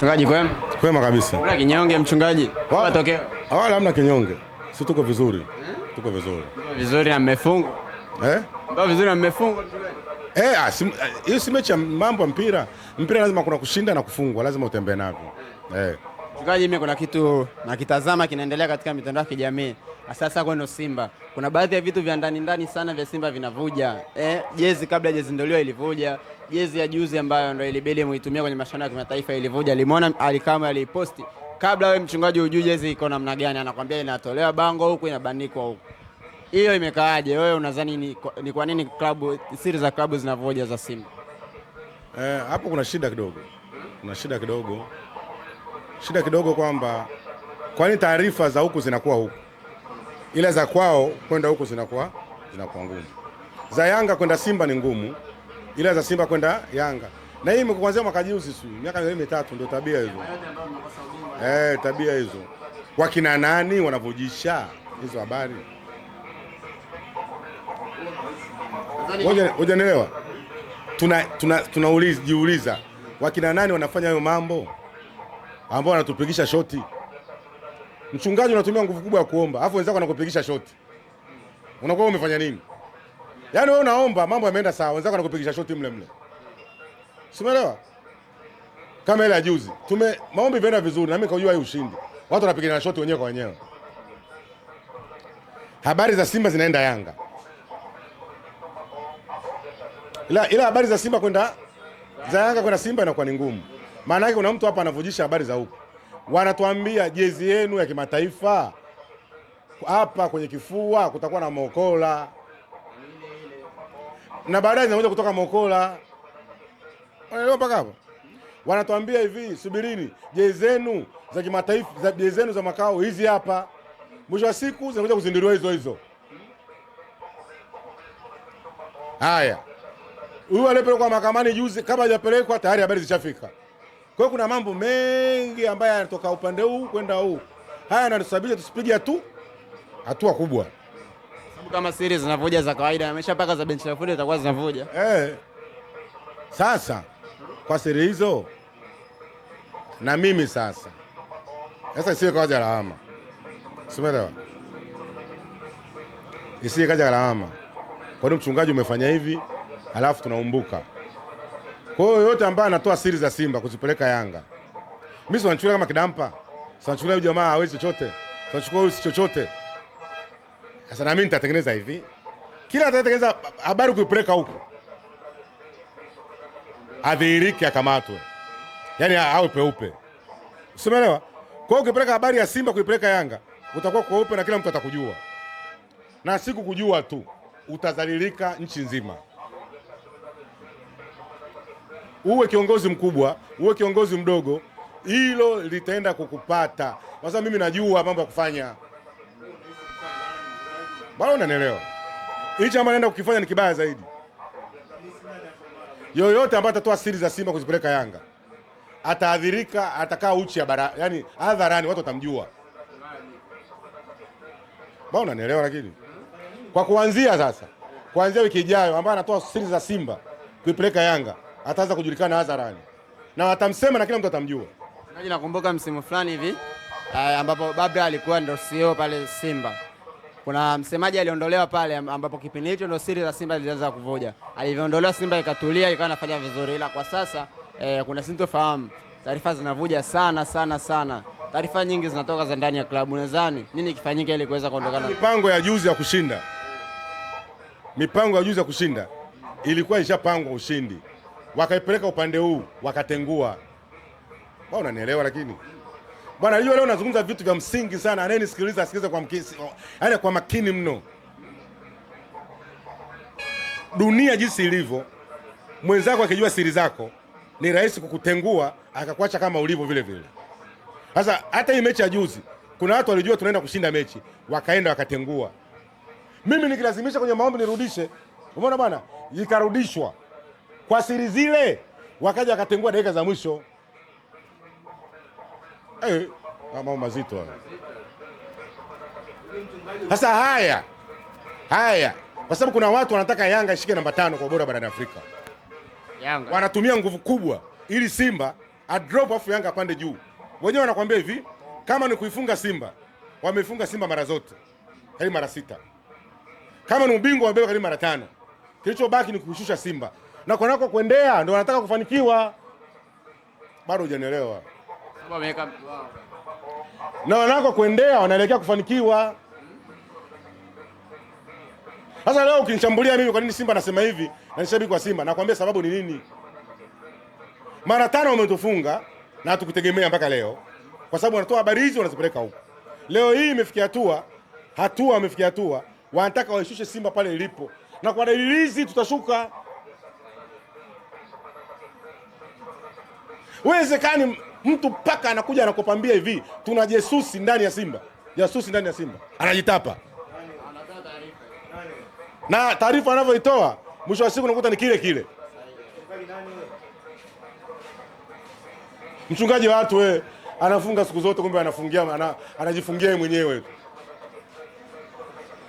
Mchungaji kwema? Kwema kabisa. Kuna kinyonge mchungaji? Wala tokeo. Wala hamna kinyonge. Si tuko vizuri. Tuko vizuri. Vizuri na mmefunga. Eh? Mbona vizuri na mmefunga mchungaji? Eh, ah, eh, hiyo si mechi ya mambo mpira. Mpira lazima kuna kushinda na kufungwa, lazima utembee navyo. Eh. Mchungaji, mimi kuna kitu nakitazama kinaendelea katika mitandao ya kijamii. Sasa kwenu Simba kuna baadhi ya vitu vya ndani ndani sana vya Simba vinavuja. Eh, jezi kabla jezi hajazinduliwa ilivuja, jezi ya juzi ambayo ndio ilibidi muitumia kwenye mashindano ya kimataifa ilivuja. Limona alikama aliposti kabla wewe mchungaji ujui jezi iko namna gani, anakwambia inatolewa bango huku inabandikwa huku. Hiyo imekaaje? Wewe unadhani ni, ni kwa nini klabu siri za klabu zinavuja za Simba? Eh, hapo kuna shida kidogo, kuna shida kidogo, shida kidogo kwamba kwani taarifa za huku zinakuwa huku ila za kwao kwenda huko zinakuwa zinakuwa ngumu. Za Yanga kwenda Simba ni ngumu, ila za Simba kwenda Yanga na hii kuanzia mwaka juzi si miaka miwili mitatu, ndio tabia hizo eh, tabia hizo. Wakina nani wanavujisha hizo habari? Hujanielewa? tuna tunajiuliza tuna, tuna wakina nani wanafanya hayo mambo ambao wanatupigisha shoti mchungaji unatumia nguvu kubwa ya kuomba, afu wenzako wanakupigisha shoti, unakuwa umefanya nini? Yaani wewe unaomba mambo yameenda sawa, wenzako wanakupigisha shoti mle mle, simeelewa? Kama ile juzi tume maombi vienda vizuri, na mimi kaujua hii ushindi, watu wanapigana shoti wenyewe kwa wenyewe. Habari za Simba zinaenda Yanga, ila ila habari za Simba kwenda za Yanga kwenda Simba inakuwa ni ngumu, maana yake kuna mtu hapa anavujisha habari za huko wanatuambia jezi yenu ya kimataifa hapa kwenye kifua kutakuwa na mokola, na baadaye zinakuja kutoka mokola. Unaelewa mpaka hapo? Wanatuambia hivi, subirini jezi zenu za kimataifa, za jezi zenu za makao hizi hapa. Mwisho wa siku zinakuja kuzinduliwa hizo hizo. Haya, huyu aliyepelekwa mahakamani juzi, kama hajapelekwa tayari habari zishafika. Kwa hiyo kuna mambo mengi ambayo yanatoka upande huu kwenda huu, haya yanatusababisha tusipiga tu hatua kubwa, kama siri zinavuja za kawaida amesha paka za benchi la fundi zitakuwa zinavuja eh. Sasa kwa siri hizo, na mimi sasa sasa isiwe kaja lawama, simelewa, isiwe kaja lawama, kwani mchungaji umefanya hivi, halafu tunaumbuka kwa hiyo yoyote ambaye anatoa siri za Simba kuzipeleka Yanga, mimi siwanchukulia kama kidampa, siwanchukulia huyu jamaa hawezi chochote, siwanchukulia huyu si chochote. Sasa na mimi nitatengeneza hivi, kila atatengeneza habari kuipeleka huko adhihirike, akamatwe, yaani awe peupe, Usimelewa? Kwa hiyo ukipeleka habari ya Simba kuipeleka Yanga utakuwa kweupe na kila mtu atakujua, na siku kujua tu utazalilika nchi nzima uwe kiongozi mkubwa, uwe kiongozi mdogo, hilo litaenda kukupata. Sasa mimi najua mambo ya kufanya, bwana, unanielewa? Hichi ambacho naenda kukifanya ni kibaya zaidi. Yoyote ambaye atatoa siri za Simba kuzipeleka Yanga ataadhirika, atakaa uchi ya bara, yani hadharani, watu watamjua. Bwana, unanielewa? Lakini kwa kuanzia sasa, kuanzia wiki ijayo, ambaye anatoa siri za Simba kuipeleka Yanga ataanza kujulikana hadharani na watamsema na kila mtu atamjua. Nakumbuka msimu fulani hivi eh, ambapo Babla alikuwa ndo CEO pale Simba, kuna msemaji aliondolewa pale, ambapo kipindi hicho ndo siri za Simba zilianza kuvuja. Alivyoondolewa Simba ikatulia, ikawa inafanya vizuri, ila kwa sasa eh, kuna sintofahamu, taarifa zinavuja sana sana sana, taarifa nyingi zinatoka za ndani ya klabu. Nadhani nini kifanyike ili kuweza kuondokana mipango ya juzi ya kushinda? Mipango ya juzi ya kushinda ilikuwa ishapangwa ushindi wakaipeleka upande huu wakatengua. Wao unanielewa lakini. Bwana hiyo leo nazungumza vitu vya msingi sana. Anayenisikiliza asikize kwa mkisi, yaani kwa makini mno. Dunia jinsi ilivyo, mwenzako akijua siri zako ni rahisi kukutengua akakuacha kama ulivyo vile vile. Sasa hata hii mechi ya juzi kuna watu walijua tunaenda kushinda mechi, wakaenda wakatengua. Mimi nikilazimisha kwenye maombi nirudishe, umeona bwana, ikarudishwa. Kwa siri zile wakaja wakatengua dakika za mwisho. Eh, mambo mazito haya. Sasa haya haya, kwa sababu kuna watu wanataka Yanga ishike namba tano kwa ubora barani Afrika. Yanga wanatumia nguvu kubwa ili Simba drop afu Yanga apande juu. Wenyewe wanakuambia hivi, kama ni kuifunga Simba, wameifunga Simba mara zote hadi mara sita. Kama ni ubingwa wamebeba karibu mara tano. Kilichobaki ni kushusha Simba na kwanako kuendea, ndio wanataka kufanikiwa. Bado hujanielewa? na wanako kuendea wanaelekea kufanikiwa. Sasa leo ukinishambulia mimi, kwa nini Simba nasema hivi na nishabiki wa Simba, nakwambia sababu ni nini? Mara tano umetufunga na hatukutegemea mpaka leo, kwa sababu wanatoa habari hizi wanazipeleka huko. Leo hii imefikia hatua hatua, wamefikia hatua wanataka waishushe Simba pale ilipo, na kwa dalili hizi tutashuka. Uwezekani mtu mpaka anakuja anakupambia hivi, tuna jesusi ndani ya Simba, jasusi ndani ya Simba, anajitapa na taarifa anavyoitoa mwisho wa siku unakuta ni kile kile. Mchungaji wa watu wewe, anafunga siku zote, kumbe anafungia ana, anajifungia mwenyewe.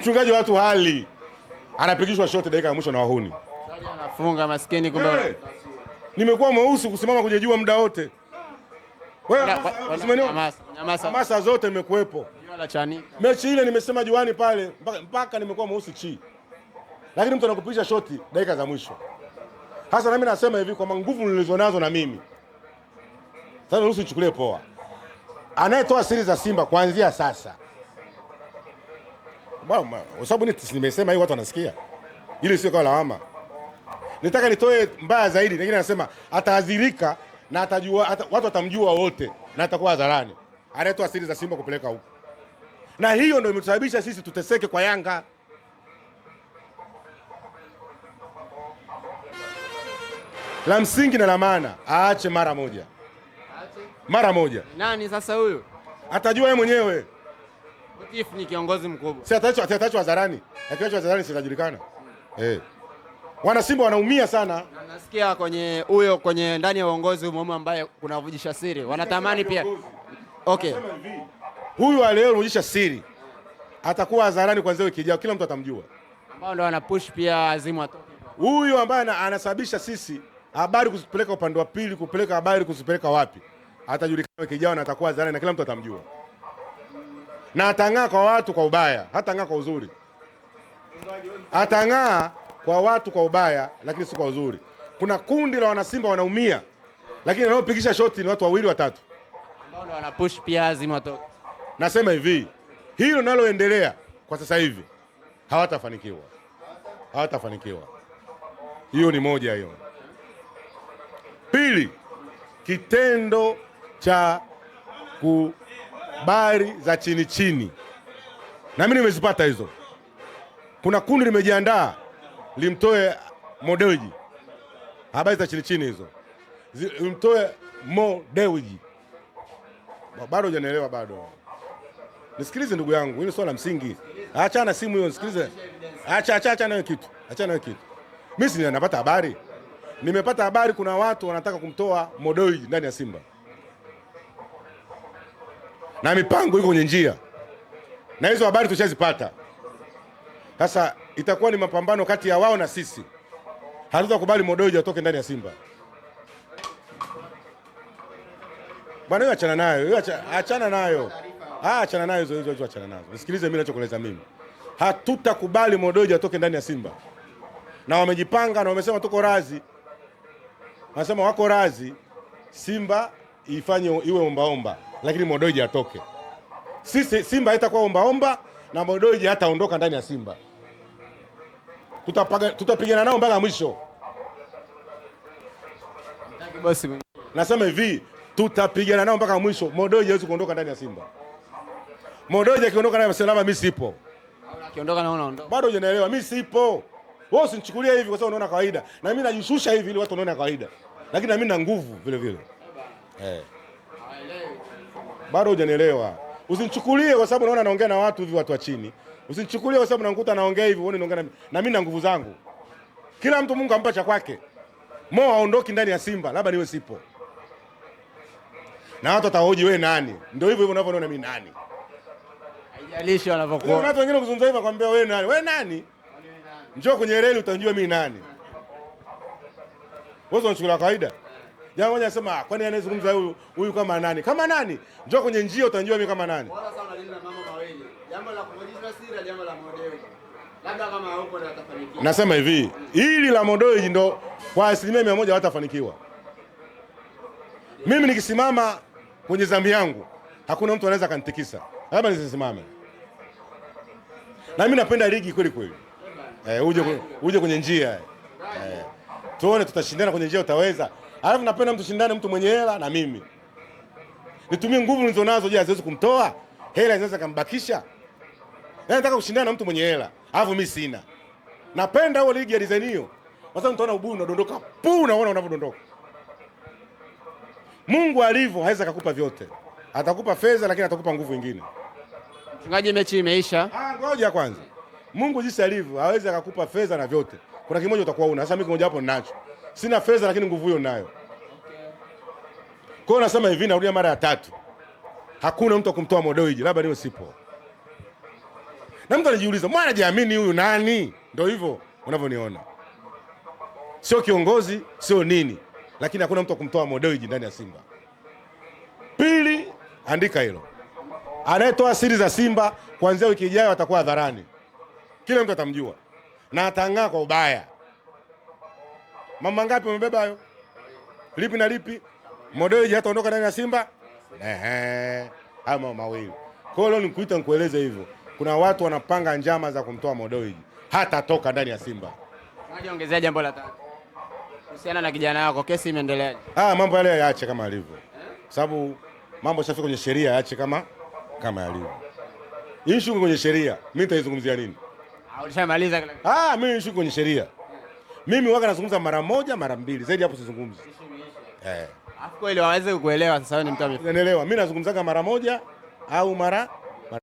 Mchungaji wa watu hali anapigishwa shoti dakika ya mwisho na wahuni, anafunga maskini kumbe nimekuwa mweusi kusimama kwenye jua muda wote. Hamasa zote nimekuwepo. Mechi ile nimesema juani pale mpaka, mpaka nimekuwa mweusi chi, lakini mtu anakupitisha shoti dakika za mwisho. Hasa nami nasema hivi kwa nguvu nilizonazo na mimi sasa, ruhusu poa. Anayetoa siri za Simba kuanzia sasa, kwa sababu nimesema hii watu wanasikia, ili sio kwa lawama Nitaka nitoe mbaya zaidi, lakini anasema ataadhirika na atajua ata, watu watamjua wote na atakuwa hadharani, anaitwa asili za Simba kupeleka huko, na hiyo ndio imetusababisha sisi tuteseke kwa Yanga. La msingi na la maana aache mara moja, mara moja. Nani sasa huyo? Atajua yeye mwenyewe. Motifu ni kiongozi mkubwa, si ataachwa hadharani, akiachwa hadharani sitajulikana eh wana Simba wanaumia sana. Nasikia kwenye huyo kwenye ndani ya uongozi humo ambaye kuna kuvujisha siri wanatamani pia okay. Huyu aliyevujisha siri atakuwa hadharani kwanza wiki ijayo, kila mtu atamjua, ambao ndio wana push pia Azimu atoke. Huyu ambaye anasababisha sisi habari kuzipeleka upande wa pili, kupeleka habari kuzipeleka wapi, atajulikana wiki ijayo na atakuwa hadharani na kila mtu atamjua, na atang'aa kwa watu kwa ubaya, hatang'aa kwa uzuri, atang'aa kwa watu kwa ubaya, lakini si kwa uzuri. Kuna kundi la wanasimba wanaumia, lakini wanaopigisha shoti ni watu wawili watatu, ambao wana push pia lazima watoke. Nasema hivi, hilo linaloendelea kwa sasa hivi hawatafanikiwa, hawatafanikiwa. Hiyo ni moja hiyo. Pili, kitendo cha kubari za chini chini, na mimi nimezipata hizo. Kuna kundi limejiandaa limtoe Modewiji, habari za chini chini hizo, limtoe Modewiji. Bado hujanielewa? Bado nisikilize, ndugu yangu, hili swala la msingi. Acha na simu hiyo, nisikilize. Acha acha acha nayo kitu, acha nayo kitu. Mimi si napata habari, nimepata habari kuna watu wanataka kumtoa Modewiji ndani ya Simba na mipango iko kwenye njia, na hizo habari tushazipata. Sasa itakuwa ni mapambano kati ya wao na sisi. Hatutakubali Modojo atoke ndani ya Simba. Bwana wewe achana nayo. achana nayo. Ah, achana nayo hizo hizo achana nazo. Nisikilize mimi ninachokueleza mimi. Hatutakubali Modojo atoke ndani ya Simba. Na wamejipanga na wamesema tuko razi. Wanasema wako razi Simba ifanye iwe ombaomba, lakini Modojo atoke. Sisi Simba haitakuwa ombaomba na Modojo hataondoka ndani ya Simba tutapigana nao mpaka mwisho. Nasema hivi, tutapigana nao mpaka mwisho. Modoje hawezi kuondoka ndani ya Simba. Modoje akiondoka ndani ya Simba, mimi sipo. Akiondoka naona ondoka. Bado hujanielewa, mimi sipo. Wewe usinichukulie hivi kwa sababu unaona kawaida. Na mimi najishusha hivi ili watu waone kawaida. Lakini na mimi na nguvu vile vile. Eh. Bado hujanielewa. Usinichukulie kwa sababu unaona naongea na watu hivi, watu wa chini. Usinichukulie kwa sababu nakuta naongea hivi, uone naongea na mimi na nguvu zangu. Kila mtu Mungu ampa cha kwake. Mo haondoki ndani ya Simba, labda niwe sipo. Na watu watahoji wewe nani? Ndio hivyo hivyo unavyoona mimi nani. Haijalishi wanavyokuwa. Kuna watu wengine kuzungumza hivyo kwambia wewe nani? Wewe nani? Njoo kwenye reli utajua mimi nani. Wewe unachukua kawaida. Jamaa mmoja anasema ah, kwani anayezungumza huyu huyu kama nani? Kama nani? Njoo kwenye njia utajua mimi kama nani. Bora sana unalinda mambo mawili. Jambo la kumoja Nasema hivi, hili la Modoi ndo kwa asilimia mia moja watafanikiwa. Mimi nikisimama kwenye zambi yangu, hakuna mtu anaweza kanitikisa. Labda nisisimame. Na mimi napenda ligi kweli kweli. Eh, uje uje kwenye njia. Eh. Tuone tutashindana kwenye njia utaweza. Alafu napenda mtu shindane mtu mwenye hela na mimi. Nitumie nguvu nilizonazo je, haziwezi kumtoa? Hela inaweza kumbakisha? nataka kushindana na mtu mwenye hela, alafu mimi sina. Napenda huo ligi ya design hiyo, kwa sababu mtaona ubuyu unadondoka pu, unaona unavyodondoka. Mungu alivyo haweza kukupa vyote, atakupa fedha, lakini atakupa nguvu nyingine. Mchungaji, mechi imeisha. Ah, ngoja kwanza. Mungu jinsi alivyo hawezi akakupa fedha na vyote, kuna kimoja utakuwa una. Sasa mimi kimoja hapo ninacho, sina fedha, lakini nguvu hiyo ninayo. Okay. Kwa hiyo nasema hivi, narudia mara ya tatu, hakuna mtu akumtoa Modoi, labda niwe sipo na mtu anajiuliza mwana jiamini huyu nani? Ndio hivyo unavyoniona, sio kiongozi, sio nini, lakini hakuna mtu akumtoa modeji ndani ya Simba. Pili, andika hilo, anayetoa siri za Simba kuanzia wiki ijayo atakuwa hadharani, kila mtu atamjua na atang'aa kwa ubaya. Mama ngapi umebeba hayo? Lipi na lipi? Modeji hataondoka ndani ya Simba. Ehe, mama mawili. Kwa hiyo leo nikuita nikueleze hivyo kuna watu wanapanga njama za kumtoa Modoi hata toka ndani ya Simba. Najiongezea jambo la tatu kuhusiana na kijana wako, kesi imeendeleaje? Ah, mambo yale yaache kama yalivyo, kwa sababu mambo safi kwenye sheria yaache kama kama yalivyo. Issue kwenye sheria mimi nitaizungumzia nini? Ah, ulishamaliza kile. Ah, mimi issue kwenye sheria mimi waka nazungumza mara moja mara mbili, zaidi hapo sizungumzi. Eh, afu kweli waweze kuelewa sasa. Wewe ni mtu amenielewa, mimi nazungumzaga mara moja au mara